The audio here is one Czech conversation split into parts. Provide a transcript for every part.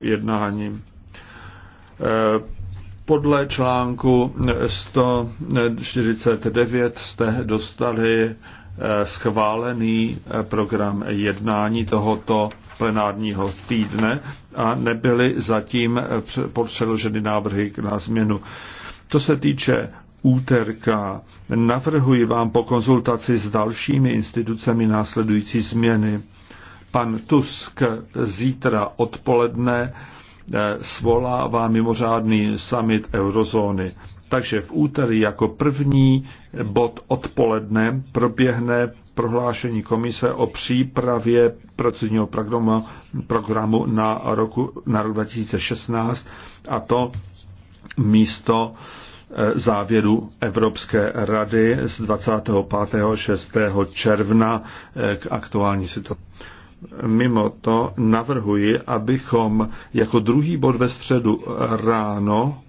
jednání. Eh, podle článku 149 jste dostali eh, schválený eh, program jednání tohoto plenárního týdne a nebyly zatím předloženy návrhy na změnu. To se týče úterka, navrhuji vám po konzultaci s dalšími institucemi následující změny Pan Tusk zítra odpoledne eh, svolává mimořádný summit eurozóny. Takže v úterý jako první bod odpoledne proběhne prohlášení komise o přípravě pracovního programu, programu na, roku, na rok 2016 a to místo eh, závěru Evropské rady z 25. 6. června eh, k aktuální situaci mimo to navrhuji, abychom jako druhý bod ve středu ráno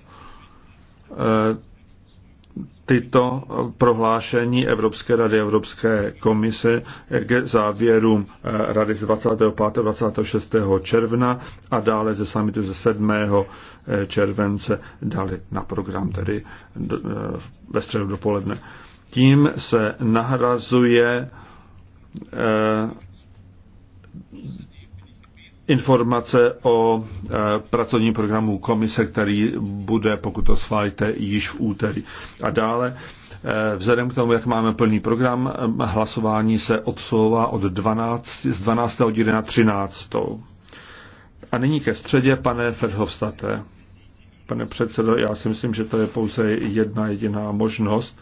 eh, tyto prohlášení Evropské rady Evropské komise k závěrům eh, rady z 25. a 26. června a dále ze samitu ze 7. Eh, července dali na program, tedy ve středu dopoledne. Tím se nahrazuje informace o e, pracovním programu komise, který bude, pokud to schválíte, již v úterý. A dále, e, vzhledem k tomu, jak máme plný program, hlasování se odsouvá od 12, z 12. hodiny na 13. A nyní ke středě, pane Ferhovstate. Pane předsedo, já si myslím, že to je pouze jedna jediná možnost,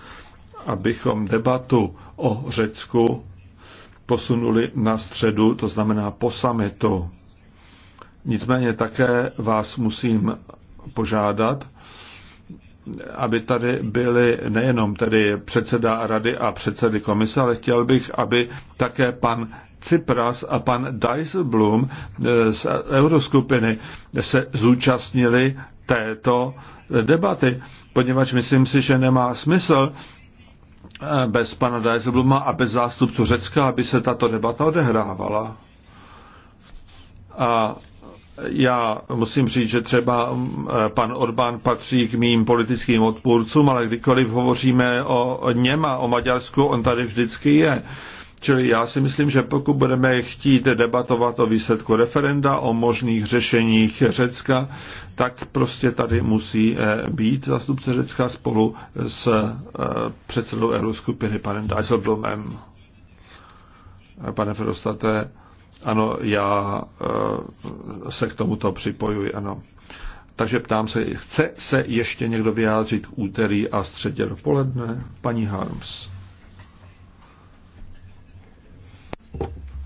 abychom debatu o Řecku posunuli na středu, to znamená po sametu. Nicméně také vás musím požádat, aby tady byli nejenom tedy předseda rady a předsedy komise, ale chtěl bych, aby také pan Cypras a pan Dijsselblum eh, z euroskupiny se zúčastnili této debaty, poněvadž myslím si, že nemá smysl, Eh, bez pana Dijsselbluma a bez zástupců Řecka, aby se tato debata odehrávala. A já musím říct, že třeba mm, eh, pan Orbán patří k mým politickým odpůrcům, ale kdykoliv hovoříme o něm a o Maďarsku, on tady vždycky je. Čili já si myslím, že pokud budeme chtít debatovat o výsledku referenda, o možných řešeních Řecka, tak prostě tady musí eh, být zastupce Řecka spolu s eh, předsedou Euroskupiny panem Dijsselblomem. Eh, pane Fedostate, ano, já se k tomuto připojuji, ano. Takže ptám se, chce se ještě někdo vyjádřit k úterý a středě dopoledne? Paní Harms.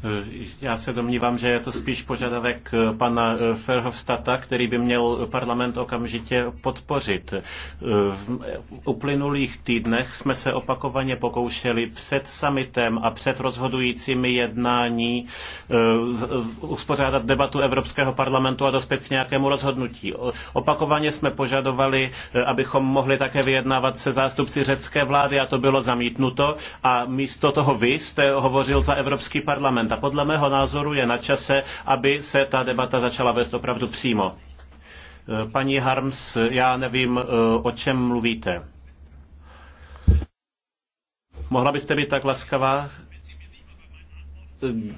Eh, já se domnívám, že je to spíš požadavek eh, pana eh, Ferhofstata, který by měl parlament okamžitě podpořit. V uplynulých týdnech jsme se opakovaně pokoušeli před summitem a před rozhodujícími jednání uspořádat debatu Evropského parlamentu a dospět k nějakému rozhodnutí. Opakovaně jsme požadovali, abychom mohli také vyjednávat se zástupci řecké vlády a to bylo zamítnuto a místo toho vy jste hovořil za Evropský parlament parlament. A podle mého názoru je na čase, aby se ta debata začala vést opravdu přímo. E, paní Harms, já nevím, e, o čem mluvíte. Mohla byste být tak laskavá?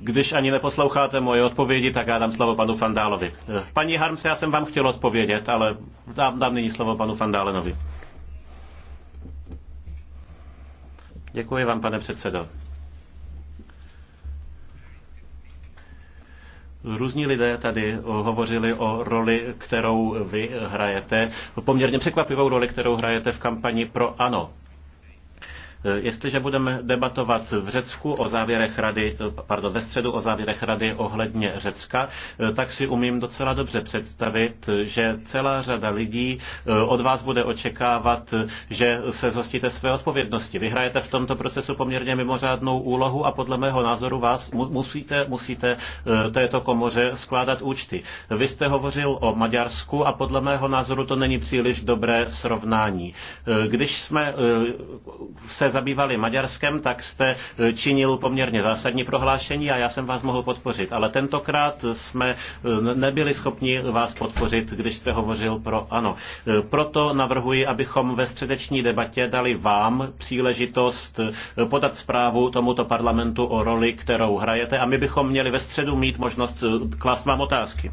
Když ani neposloucháte moje odpovědi, tak já dám slovo panu Fandálovi. E, paní Harms, já jsem vám chtěl odpovědět, ale dám, dám nyní slovo panu Fandálenovi. Děkuji vám, pane předsedo. Různí lidé tady eh, hovořili o roli, kterou vy hrajete, poměrně překvapivou roli, kterou hrajete v kampani pro ANO. Eh, jestliže budeme debatovat v Řecku o závěrech rady, eh, pardon, ve středu o závěrech rady ohledně Řecka, eh, tak si umím docela dobře představit, že celá řada lidí od vás bude očekávat, že se zhostíte své odpovědnosti. Vyhrajete v tomto procesu poměrně mimořádnou úlohu a podle mého názoru vás musíte, musíte této komoře skládat účty. Vy jste hovořil o Maďarsku a podle mého názoru to není příliš dobré srovnání. Když jsme se zabývali Maďarskem, tak jste e, činil poměrně zásadní prohlášení a já jsem vás mohl podpořit. Ale tentokrát jsme e, nebyli schopni vás podpořit, když jste hovořil pro ano. E, proto navrhuji, abychom ve středeční debatě dali vám příležitost podat zprávu tomuto parlamentu o roli, kterou hrajete a my bychom měli ve středu mít možnost klást vám otázky.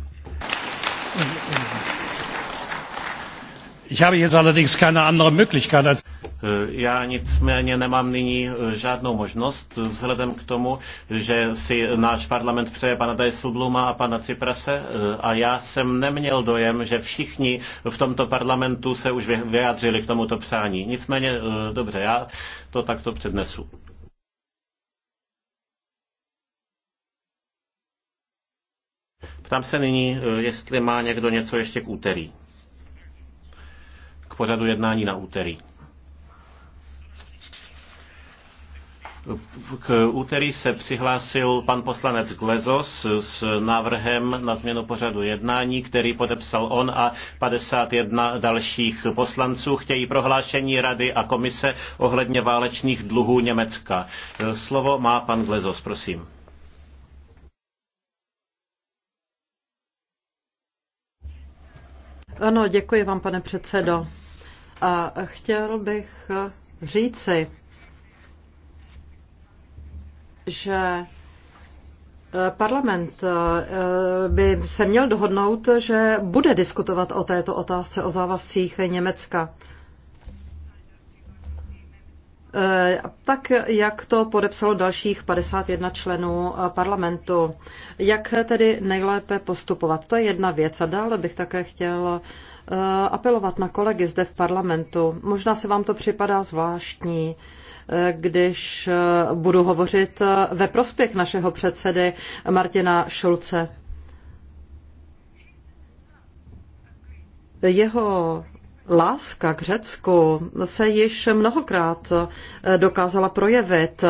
Ich habe jetzt allerdings keine andere Möglichkeit als Eh, já nicméně nemám nyní eh, žádnou možnost, eh, vzhledem k tomu, že si náš parlament přeje pana Bluma a pana Ciprase a já jsem neměl dojem, že všichni v tomto parlamentu se už vyjádřili k tomuto přání. Nicméně, dobře, já to takto přednesu. Ptám se nyní, jestli má někdo něco ještě k úterý. K pořadu jednání na úterý. K úterý se přihlásil pan poslanec Glezos s návrhem na změnu pořadu jednání, který podepsal on a 51 dalších poslanců. Chtějí prohlášení rady a komise ohledně válečných dluhů Německa. Slovo má pan Glezos, prosím. Ano, děkuji vám, pane předsedo. A chtěl bych říci, že eh, Parlament eh, by se měl dohodnout, že bude diskutovat o této otázce, o závazcích Německa. Eh, tak, jak to podepsalo dalších 51 členů parlamentu. Jak tedy nejlépe postupovat? To je jedna věc. A dále bych také chtěl Eh, apelovat na kolegy zde v parlamentu. Možná se vám to připadá zvláštní, eh, když eh, budu hovořit ve prospěch našeho předsedy Martina Šulce. Jeho láska k Řecku se již mnohokrát eh, dokázala projevit,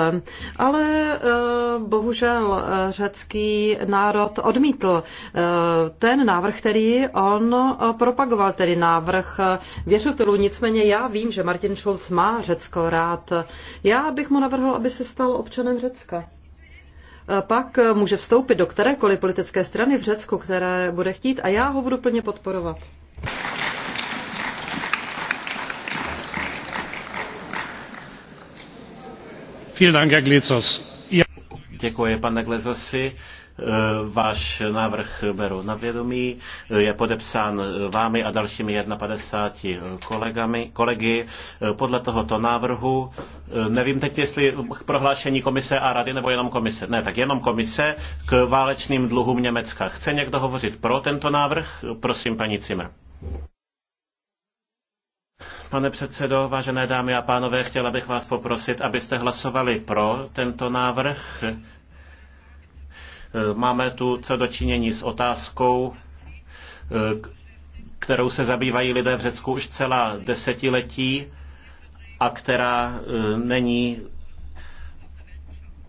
ale eh, bohužel eh, řecký národ odmítl ten návrh, který on propagoval, tedy návrh věřitelů. Nicméně já vím, že Martin Schulz má Řecko rád. Já bych mu navrhl, aby se stal občanem Řecka pak může vstoupit do kterékoliv politické strany v Řecku, které bude chtít a já ho budu plně podporovat. Děkuji, pane Glezosi. Eh, váš návrh beru na vědomí. Eh, je podepsán eh, vámi a dalšími 51 kolegami, kolegy. Podle tohoto návrhu, nevím teď, jestli prohlášení komise a rady, nebo jenom komise. Ne, tak jenom komise k válečným dluhům Německa. Chce někdo hovořit pro tento návrh? Prosím, paní Cimr. Pane předsedo, vážené dámy a pánové, chtěla bych vás poprosit, abyste hlasovali pro tento návrh. Máme tu co dočinění s otázkou, kterou se zabývají lidé v Řecku už celá desetiletí a která e, není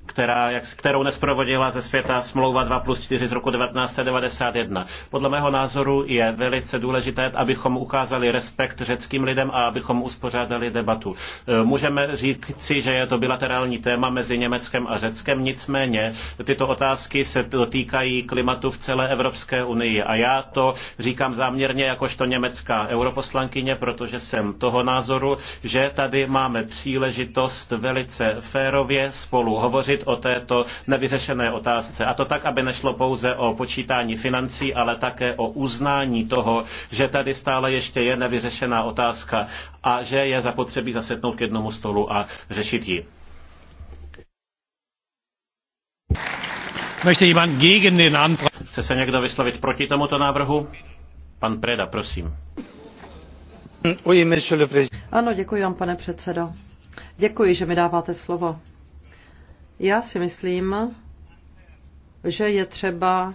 která, jak, kterou nesprovodila ze světa smlouva 2 plus 4 z roku 1991. Podle mého názoru je velice důležité, abychom ukázali respekt řeckým lidem a abychom uspořádali debatu. E, můžeme si, že je to bilaterální téma mezi Německem a Řeckem, nicméně tyto otázky se dotýkají klimatu v celé Evropské unii. A já to říkám záměrně jakožto německá europoslankyně, protože jsem toho názoru, že tady máme příležitost velice férově spolu hovořit mluvit o této nevyřešené otázce. A to tak, aby nešlo pouze o počítání financí, ale také o uznání toho, že tady stále ještě je nevyřešená otázka a že je zapotřebí zasednout k jednomu stolu a řešit ji. Chce se někdo vyslovit proti tomuto návrhu? Pan Preda, prosím. Ano, děkuji vám, pane předsedo. Děkuji, že mi dáváte slovo. Já si myslím, že je třeba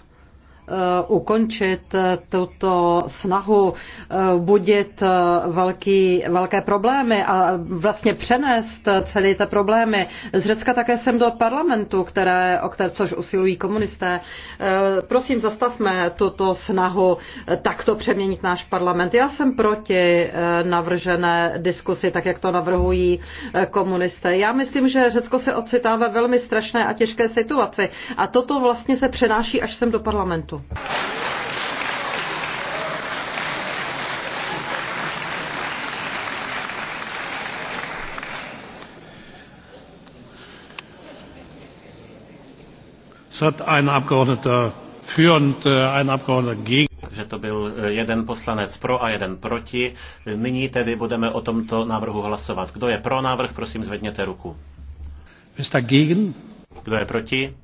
Eh, ukončit tuto snahu eh, budit eh, velký, velké problémy a vlastně přenést celé ty problémy z Řecka také jsem do parlamentu, které, o které, což usilují komunisté. Prosím, zastavme tuto snahu takto přeměnit náš parlament. Já jsem proti navržené diskusi, tak jak to navrhují komunisté. Já myslím, že Řecko se ocitá ve velmi strašné a těžké situaci a toto vlastně se přenáší až sem do parlamentu minutu. Že to byl äh, jeden poslanec pro a jeden proti. Nyní tedy budeme o tomto návrhu hlasovat. Kdo je pro návrh, prosím zvedněte ruku. Kdo je proti?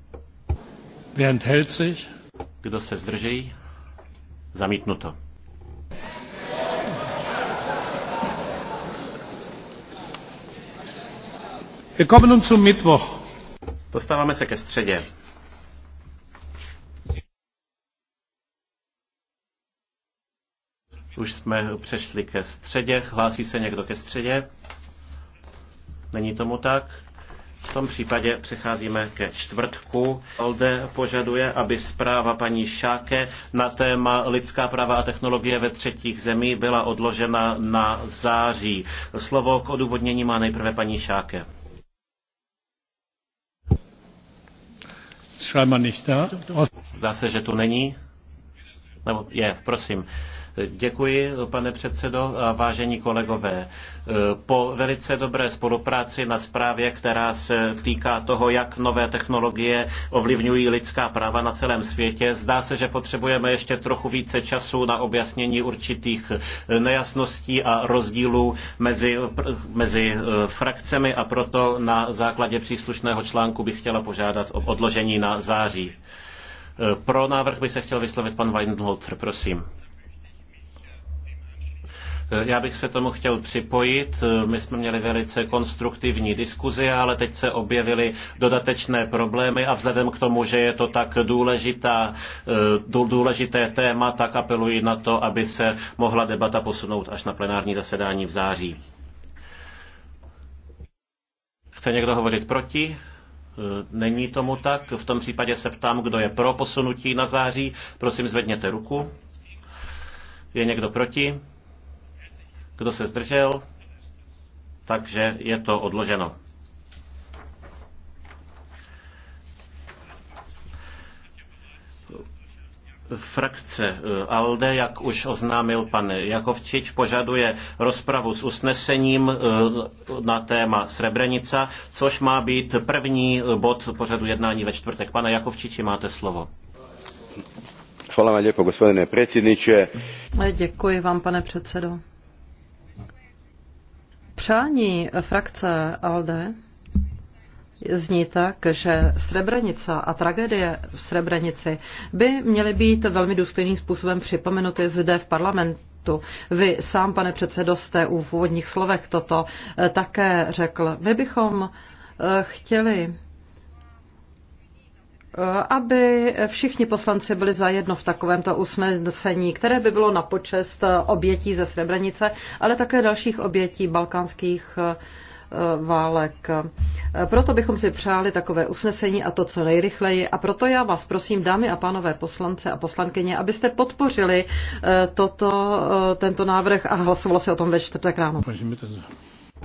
Wer enthält sich? Kdo se zdrží? Zamítnuto. Dostáváme se ke středě. Už jsme přešli ke středě. Hlásí se někdo ke středě? Není tomu tak? V tom případě přecházíme ke čtvrtku. Olde požaduje, aby zpráva paní Šáke na téma lidská práva a technologie ve třetích zemí byla odložena na září. Slovo k odůvodnění má nejprve paní Šáke. Zdá se, že tu není. Nebo je, prosím. Děkuji, pane předsedo a vážení kolegové. Po velice dobré spolupráci na zprávě, která se týká toho, jak nové technologie ovlivňují lidská práva na celém světě, zdá se, že potřebujeme ještě trochu více času na objasnění určitých nejasností a rozdílů mezi, mezi eh, frakcemi a proto na základě příslušného článku bych chtěla požádat o odložení na září. Eh, pro návrh by se chtěl vyslovit pan Weidenholzer, prosím. Já bych se tomu chtěl připojit. My jsme měli velice konstruktivní diskuzi, ale teď se objevily dodatečné problémy a vzhledem k tomu, že je to tak důležitá, eh, důležité téma, tak apeluji na to, aby se mohla debata posunout až na plenární zasedání v září. Chce někdo hovořit proti? Eh, není tomu tak. V tom případě se ptám, kdo je pro posunutí na září. Prosím, zvedněte ruku. Je někdo proti? Kdo se zdržel? Takže je to odloženo. frakce eh, ALDE, jak už oznámil pan Jakovčič, požaduje rozpravu s usnesením eh, na téma Srebrenica, což má být první eh, bod pořadu jednání ve čtvrtek. Pane Jakovčiči, máte slovo. Hvala vám Děkuji vám, pane předsedo. Přání frakce ALDE zní tak, že Srebrenica a tragédie v Srebrenici by měly být velmi důstojným způsobem připomenuty zde v parlamentu tu. Vy sám, pane předsedo, jste v úvodních slovech toto také řekl. My bychom eh, chtěli aby všichni poslanci byli zajedno v takovémto usnesení, které by bylo na počest obětí ze Srebrenice, ale také dalších obětí balkánských eh, válek. Proto bychom si přáli takové usnesení a to co nejrychleji. A proto já vás prosím, dámy a pánové poslance a poslankyně, abyste podpořili eh, toto, eh, tento návrh a hlasovalo se o tom ve čtvrtek ráno.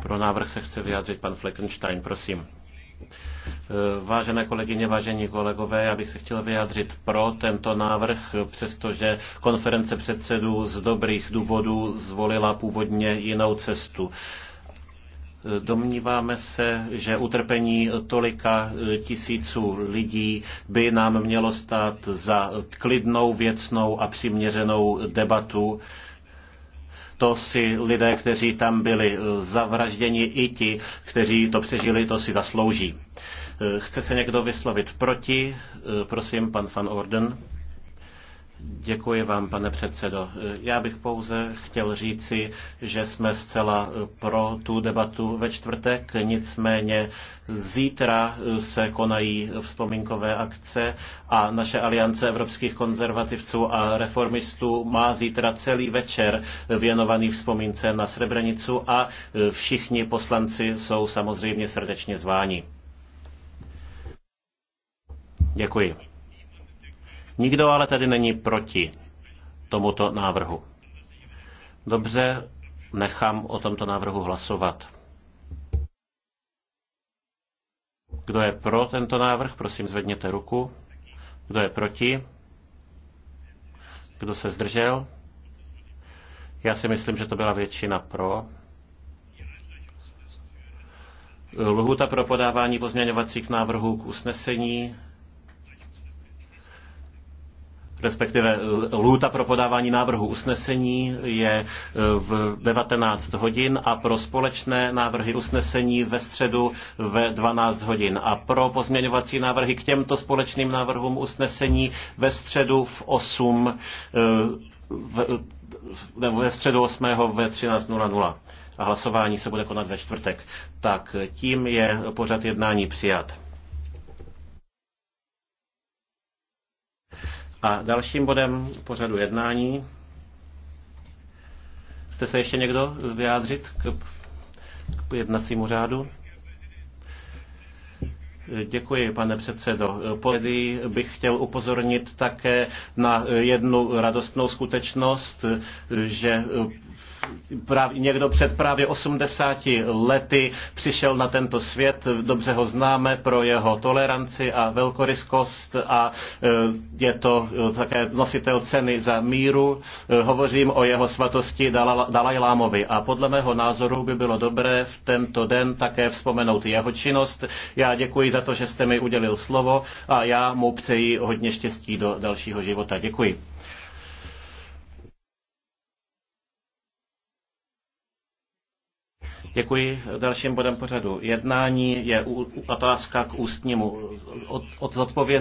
Pro návrh se chce vyjádřit pan Fleckenstein, prosím. Eh, vážené kolegyně, vážení kolegové, já bych se chtěl vyjádřit pro tento návrh, přestože konference předsedů z dobrých důvodů zvolila původně jinou cestu. Eh, domníváme se, že utrpení tolika eh, tisíců lidí by nám mělo stát za klidnou, věcnou a přiměřenou debatu to si lidé, kteří tam byli eh, zavražděni, i ti, kteří to přežili, to si zaslouží. Eh, Chce se někdo vyslovit proti? Eh, Prosím, pan van Orden. Děkuji vám, pane předsedo. Já bych pouze chtěl říci, že jsme zcela pro tu debatu ve čtvrtek, nicméně zítra se konají vzpomínkové akce a naše aliance evropských konzervativců a reformistů má zítra celý večer věnovaný vzpomínce na Srebrenicu a všichni poslanci jsou samozřejmě srdečně zváni. Děkuji. Nikdo ale tedy není proti tomuto návrhu. Dobře, nechám o tomto návrhu hlasovat. Kdo je pro tento návrh, prosím zvedněte ruku. Kdo je proti? Kdo se zdržel? Já si myslím, že to byla většina pro. Lhuta pro podávání pozměňovacích návrhů k usnesení respektive eh, lhůta pro podávání návrhu usnesení je eh, v 19 hodin a pro společné návrhy usnesení ve středu ve 12 hodin. A pro pozměňovací návrhy k těmto společným návrhům usnesení ve středu v 8 eh, v, nebo ve středu 8. ve 13.00 a hlasování se bude konat ve čtvrtek. Tak tím je pořad jednání přijat. A dalším bodem pořadu jednání. Chce se ještě někdo vyjádřit k, k jednacímu řádu? Děkuji, pane předsedo. Poledy bych chtěl upozornit také na jednu radostnou skutečnost, že právě, někdo před právě 80 lety přišel na tento svět, dobře ho známe pro jeho toleranci a velkoryskost a eh, je to eh, také nositel ceny za míru. Eh, hovořím o jeho svatosti Dalajlámovi a podle mého názoru by bylo dobré v tento den také vzpomenout jeho činnost. Já děkuji za to, že jste mi udělil slovo a já mu přeji hodně štěstí do dalšího života. Děkuji. Děkuji. Dalším bodem pořadu jednání je otázka k ústnímu od, od